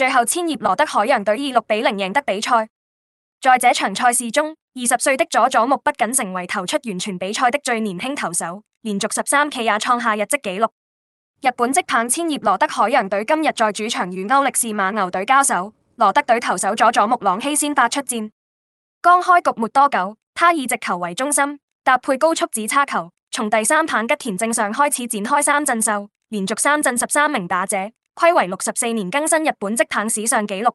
最後千葉羅德海洋隊以六比零贏得比賽。在這場賽事中，二十歲的佐佐木不僅成為投出完全比賽的最年輕投手，連續十三 K 也創下日職紀錄。日本職棒千葉羅德海洋隊今日在主場與歐力士猛牛隊交手，羅德隊投手佐佐木朗希先發出戰。剛開局沒多久，他以直球為中心，搭配高速指叉球，從第三棒吉田正尚開始展開三振秀，連續三振十三名打者。睽違六十四年更新日本職棒史上紀錄。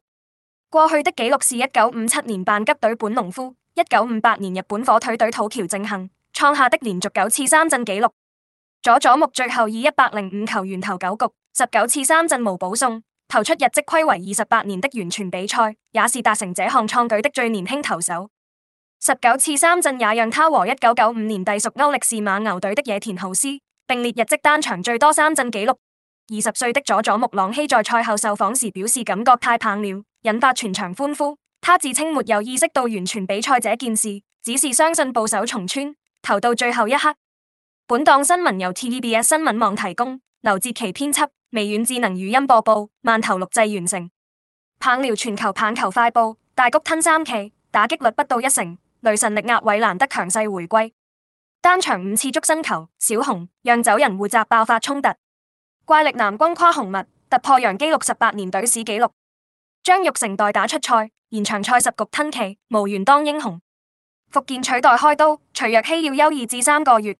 過去的紀錄是一九五七年阪急隊本隆夫、一九五八年日本火腿隊土橋正幸創下的連續九次三振紀錄。佐佐木最後以一百零五球完投九局、十九次三振無保送，投出日職睽違二十八年的完全比賽，也是達成這項創舉的最年輕投手。十九次三振也讓他和一九九五年隸屬歐力士馬牛隊的野田浩司並列日職單場最多三振紀錄。二十歲的佐佐木朗希在賽後受訪時表示，感覺太棒了，引發全場歡呼。他自稱沒有意識到完全比賽這件事，只是相信捕手重穿投到最後一刻。本檔新聞由 TBS 新聞網提供，劉哲奇編輯，微軟智能語音播報，慢投錄製完成。棒聊全球棒球快報：大谷吞三 K，打擊率不到一成，雷神力壓韋蘭德強勢回歸，單場五次捉新球。小紅讓走人護閘爆發衝突。怪力男軍跨紅襪，突破洋基六十八年隊史紀錄，張育成代打出賽，延長賽十局吞棋，無緣當英雄。復健取代開刀，徐若熙要休二至三個月。